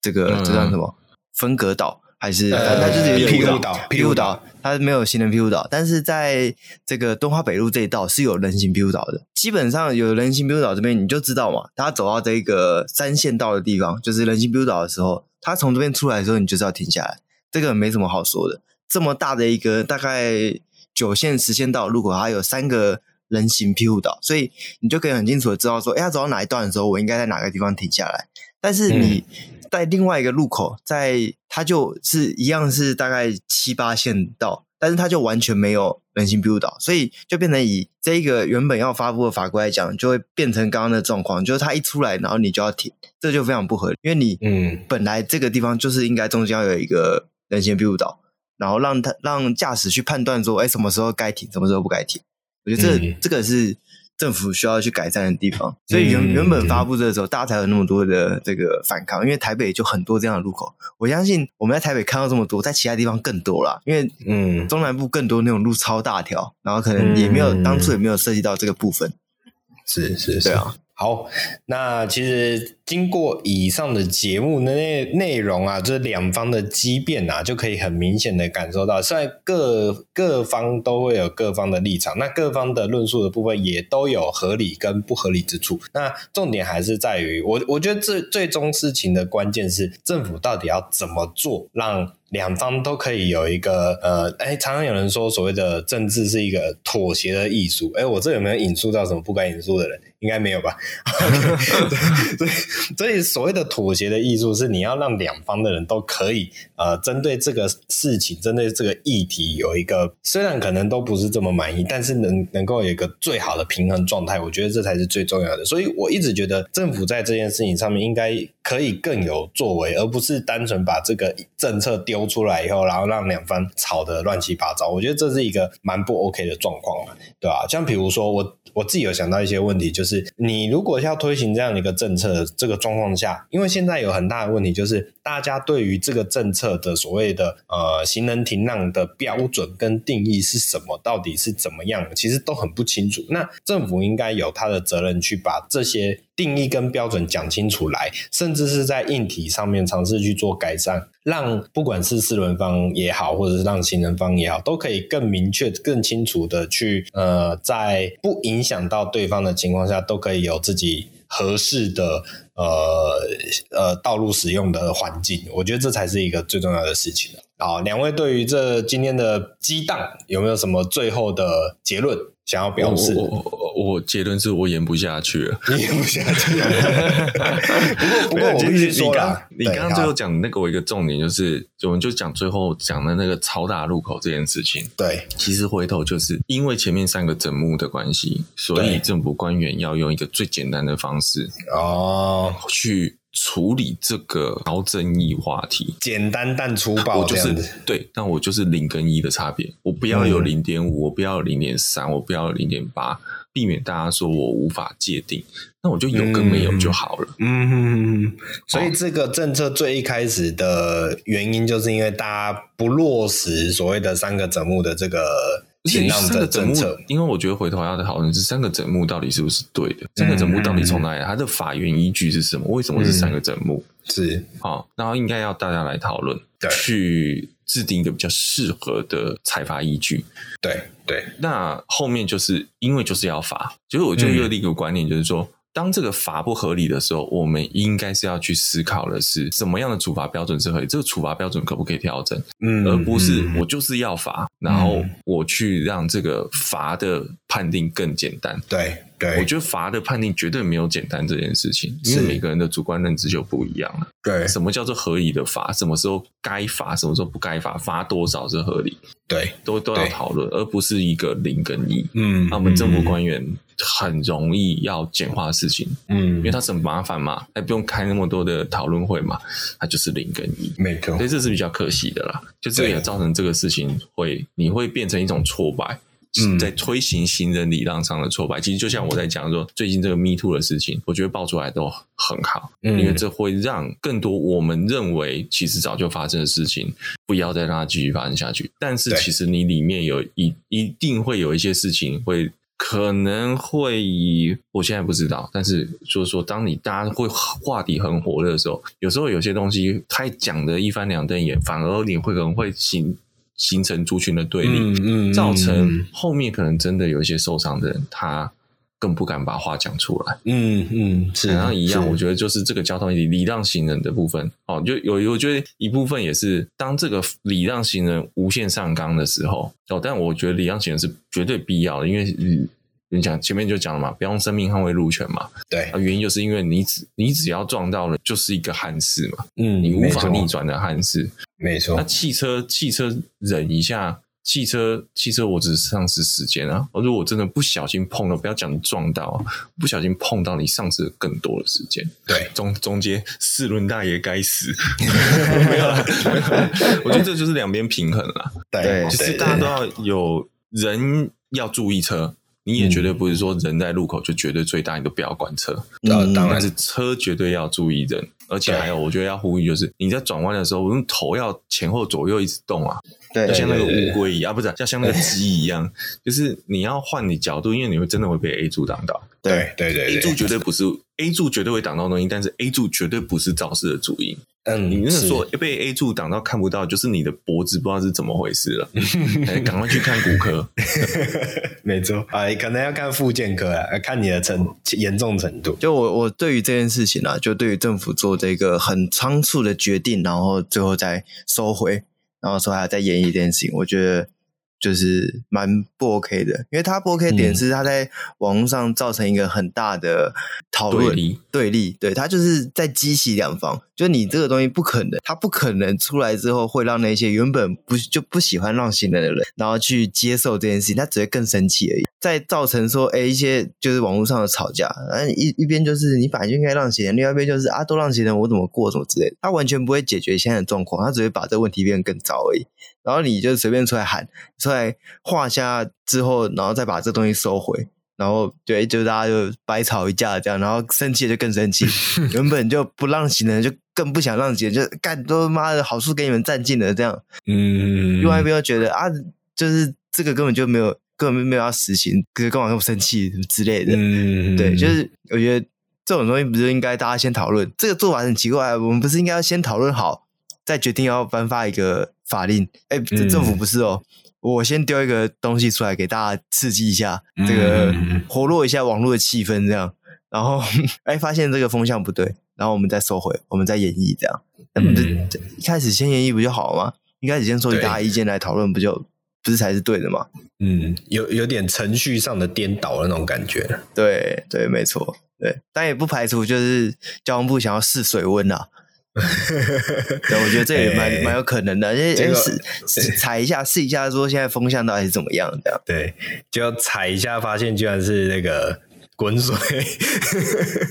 這個、嗯、這叫什麼分隔島。還是它就是庇護島，庇護島，它沒有行人庇護島，但是在這個敦化北路這一道是有人行庇護島的。基本上有人行庇護島這邊，你就知道嘛，它走到這個三線道的地方，就是人行庇護島的時候，它從這邊出來的時候，你就知道停下來，這個沒什麼好說的。這麼大的一個大概九線十線道路口，如果它有三個人行庇護島，所以你就可以很清楚的知道說，哎，它走到哪一段的時候，我應該在哪個地方停下來。但是你。在另外一個路口，在它就是一樣是大概七八線道，但是它就完全沒有人行庇護島，所以就變成以這一個原本要發布的法規來講，就會變成剛剛的狀況，就是它一出來，然後你就要停，這就非常不合理，因為你嗯，本來這個地方就是應該中間要有一個人行庇護島，然後讓它讓駕駛去判斷說，哎，什麼時候該停，什麼時候不該停，我覺得這、嗯、這個是。政府需要去改善的地方，所以原原本發佈的時候，大家才有那麼多的這個反抗。因為台北就很多這樣的路口，我相信我們在台北看到這麼多，在其他地方更多啦。因為嗯，中南部更多那種路超大條，然後可能也沒有、嗯、當初也沒有涉及到這個部分，是是是。對啊。好，那其實。經過以上的節目那內內容啊，就是兩方的激辯啊，就可以很明顯的感受到，雖然各各方都會有各方的立場，那各方的論述的部分也都有合理跟不合理之處。那重點還是在於我，我覺得這最終事情的關鍵是政府到底要怎麼做，讓兩方都可以有一個呃，哎，常常有人說所謂的政治是一個妥協的藝術。哎，我這有沒有引述到什麼不該引述的人？應該沒有吧？ [LAUGHS] [LAUGHS] 對。對所以所謂的妥協的藝術是，你要讓兩方的人都可以，呃，針對這個事情，針對這個議題，有一個雖然可能都不是這麼滿意，但是能能夠有一個最好的平衡狀態，我覺得這才是最重要的。所以我一直覺得政府在這件事情上面應該可以更有作為，而不是單純把這個政策丟出來以後，然後讓兩方吵得亂七八糟。我覺得這是一個蠻不 OK 的狀況，對吧？像比如說，我我自己有想到一些問題，就是你如果要推行這樣的一個政策，這個狀況下，因為現在有很大的問題就是，大家對於這個政策的所謂的呃行人停讓的標準跟定義是什麼，到底是怎麼樣，其實都很不清楚。那政府應該有他的責任去把這些。定義跟標準講清楚來，甚至是在硬體上面嘗試去做改善，讓不管是四輪方也好，或者是讓行人方也好，都可以更明確、更清楚的去呃，在不影響到對方的情況下，都可以有自己合適的呃呃道路使用的環境。我覺得這才是一個最重要的事情。好，兩位對於這今天的激盪有沒有什麼最後的結論想要表示？我我我結論是我演不下去了，演不下去。不過不過我必須說啦。你剛剛最後講那個，我一個重點就是，我們就講最後講的那個超大入口這件事情。對，其實回頭就是因為前面三個枕木的關係，所以政府官員要用一個最簡單的方式哦，去。處理這個高爭議話題，簡單但粗暴，就是對。那我就是零跟一的差別，我不要有零點五，我不要有零點三，我不要有零點八，避免大家說我無法界定。那我就有跟沒有就好了。嗯,嗯，所以這個政策最一開始的原因，就是因為大家不落實所謂的三個整目的這個。是三個枕木，因為我覺得回頭要討論是三個枕木到底是不是對的，嗯、三個枕木到底從哪裡來，它的法源依據是什麼？為什麼是三個枕木？嗯、是好，然後應該要大家來討論，對去制定一個比較適合的裁罰依據。對對，對那後面就是因為就是要罰，所以我就有一個觀念，就是說。嗯當這個罰不合理的時候，我們應該是要去思考的是什麼樣的處罰標準是合理，這個處罰標準可不可以調整？嗯，而不是、嗯、我就是要罰，然後我去讓這個罰的判定更簡單。對，對我覺得罰的判定絕對沒有簡單這件事情，嗯、是每個人的主觀認知就不一樣了。嗯、對，什麼叫做合理的罰？什麼時候該罰，什麼時候不該罰？罰多少是合理？對，對都都要討論，對而不是一個零跟一。嗯，我們政府官員、嗯。嗯很容易要簡化的事情，嗯，因為它是很麻煩嘛，它不用開那麼多的討論會嘛，它就是零跟一，沒錯錯，所以這是比較可惜的啦，就這、是、也造成這個事情會，對你會變成一種挫敗，嗯、在推行行人禮讓上的挫敗。其實就像我在講說，最近這個 Me Too 的事情，我覺得爆出來都很好，嗯、因為這會讓更多我們認為其實早就發生的事情，不要再讓它繼續發生下去。但是其實你裡面有一，一對一定會有一些事情會。可能會，以，我現在不知道，但是就是說，當你大家會話題很火熱的時候，有時候有些東西他講的一翻兩瞪眼，反而你會可能會形形成族群的對立，嗯嗯、造成後面可能真的有一些受傷的人，他。更不敢把話講出來。嗯嗯，是。然後一樣。是。我覺得就是這個交通禮禮讓行人的部分。哦，就有有我覺得一部分也是，當這個禮讓行人無限上綱的時候。哦，但我覺得禮讓行人是絕對必要的，因為、嗯、你你講前面就講了嘛，不要用生命捍衛路權嘛。對，原因就是因為你，你只你只要撞到了，就是一個憾事嘛。嗯，你無法逆轉的憾事。沒錯，那汽車汽車忍一下。汽車，汽車，我只是喪失時間啊！而如果真的不小心碰到，不要講撞到，啊。不小心碰到，你喪失更多的時間。對，中，中間，四輪大爺該死。沒有啦，沒有啦，我覺得這就是兩邊平衡啊。對，其實大家都要有人要注意車，你也絕對不是說人在路口就絕對最大，你都不要管車。呃、嗯，當然是車絕對要注意人，而且還有，我覺得要呼籲就是你在轉彎的時候，我們頭要前後左右一直動啊。就像那個烏龜一樣，不是，要像那個雞一樣，就是你要換你角度，因為你會真的會被 A 柱擋到。對對對，A 柱絕對不是，A 柱絕對會擋到東西，但是 A 柱絕對不是肇事的主因。嗯，你如果說被 A 柱擋到看不到，就是你的脖子不知道是怎麼回事了，趕快去看骨科。沒錯啊，可能要看復健科啊。看你的程嚴重程度。就我我對於這件事情啊，就對於政府做這個很倉促的決定，然後最後再收回，然後說還要再演一遍事，我覺得就是蠻不 OK 的，因為他不 OK 的點是他在網絡上造成一個很大的討論。對立，對他就是在激起兩方。就你這個東西不可能，他不可能出來之後會讓那些原本不就不喜歡讓行人的人，然後去接受這件事情，他只會更生氣而已。再造成說，哎，一些就是網絡上的吵架，一一邊就是你本來就應該讓行人，另外一邊就是啊，都讓行人，我怎麼過什麼之類的，他完全不會解決現在的狀況，他只會把這個問題變得更糟而已。然後你就隨便出來喊，出來畫下之後，然後再把這東西收回。然後對，就大家就白吵一架了這樣，然後生氣就更生氣， [LAUGHS] 原本就不讓行人就更不想讓行人就，就幹都媽的好處給你們占盡了這樣。嗯，另外一邊又覺得啊，就是這個根本就沒有，根本就沒有要實行，可是幹嘛那麼生氣什麼之類的？嗯、對，就是我覺得這種東西不是應該大家先討論？這個做法很奇怪，我們不是應該要先討論好，再決定要頒發一個法令？誒，這政府不是哦。嗯我先丟一個東西出來給大家刺激一下，這個活絡一下網絡的氣氛，這樣。嗯、然後哎，發現這個風向不對，然後我們再收回，我們再演繹，這樣。我、嗯、這、嗯、一開始先演繹不就好了嗎？一開始先說給大家意見來討論，不就對不是才是對的嗎？嗯，有有點程序上的顛倒的那種感覺。對對，沒錯，對。但也不排除就是交通部想要試水溫啊。 [LAUGHS] 對，我覺得這也蠻蠻、欸、有可能的，因為果、欸、踩一下，試一下說現在風向到底是怎麼樣的，對，就要踩一下，發現居然是那個滾水。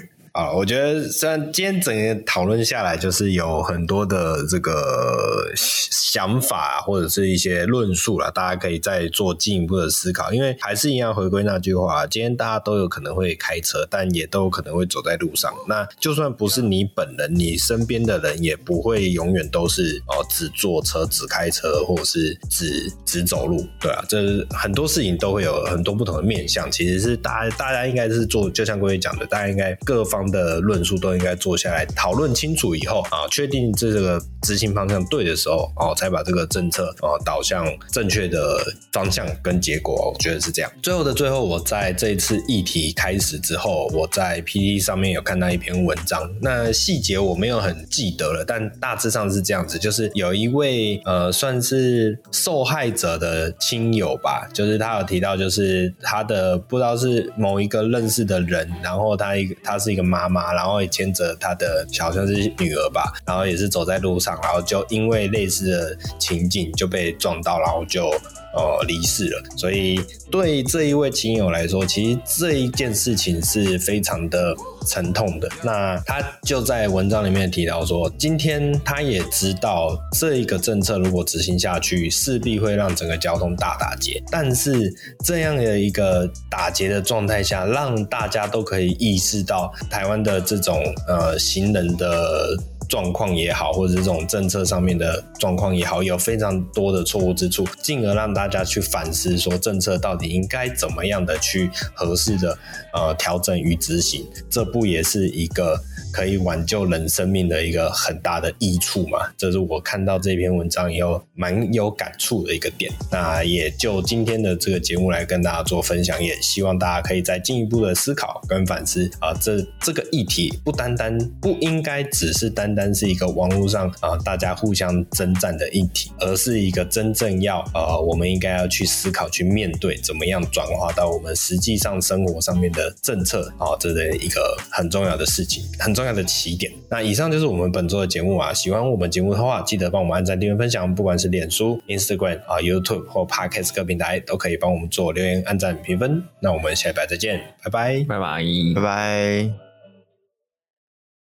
[LAUGHS] 啊，我覺得雖然今天整個討論下來，就是有很多的這個想法或者是一些論述啦，大家可以再做進一步的思考。因為還是一樣回歸那句話，今天大家都有可能會開車，但也都有可能會走在路上。那就算不是你本人，你身邊的人也不會永遠都是哦，只坐車、只開車，或者是只只走路，對啊，這、就是、很多事情都會有很多不同的面向。其實是大家大家應該是做，就像龜龜講的，大家應該各方。的論述都應該坐下來討論清楚以後啊，確定這這個執行方向對的時候哦、啊，才把這個政策啊導向正確的方向跟結果。我覺得是這樣。最後的最後，我在這一次議題開始之後，我在 PTT 上面有看到一篇文章，那細節我沒有很記得了，但大致上是這樣子，就是有一位呃，算是受害者的親友吧，就是他有提到，就是他的不知道是某一個認識的人，然後他一個，他是一個。媽媽，然後也牽着他的，小好像是女兒吧，然後也是走在路上，然後就因為類似的情景就被撞到，然後就。哦，離、呃、世了，所以對這一位親友來說，其實這一件事情是非常的沉痛的。那他就在文章裡面提到說，今天他也知道這一個政策如果執行下去，勢必會讓整個交通大打劫。但是這樣的一個打劫的狀態下，讓大家都可以意識到台灣的這種，呃，行人的。狀況也好，或者是這種政策上面的狀況也好，有非常多的錯誤之處，進而讓大家去反思，說政策到底應該怎麼樣的去合適的呃調整與執行，這不也是一個。可以挽救人生命的一個很大的益處嘛？這是我看到這篇文章以後蠻有感觸的一個點。那也就今天的這個節目來跟大家做分享，也希望大家可以再進一步的思考跟反思啊。這這個議題不單單不應該只是單單是一個網絡上啊大家互相征戰的議題，而是一個真正要啊我們應該要去思考去面對，怎麼樣轉化到我們實際上生活上面的政策啊這的一個很重要的事情，很重要。樣的起點。那以上就是我們本周的節目啊！喜歡我們節目的話，記得幫我們按讚、訂閱、分享。不管是臉書、Instagram 啊、YouTube 或 Podcast 各平台，都可以幫我們做留言、按讚、評分。那我們下禮拜再見，拜拜，拜拜，阿姨拜拜。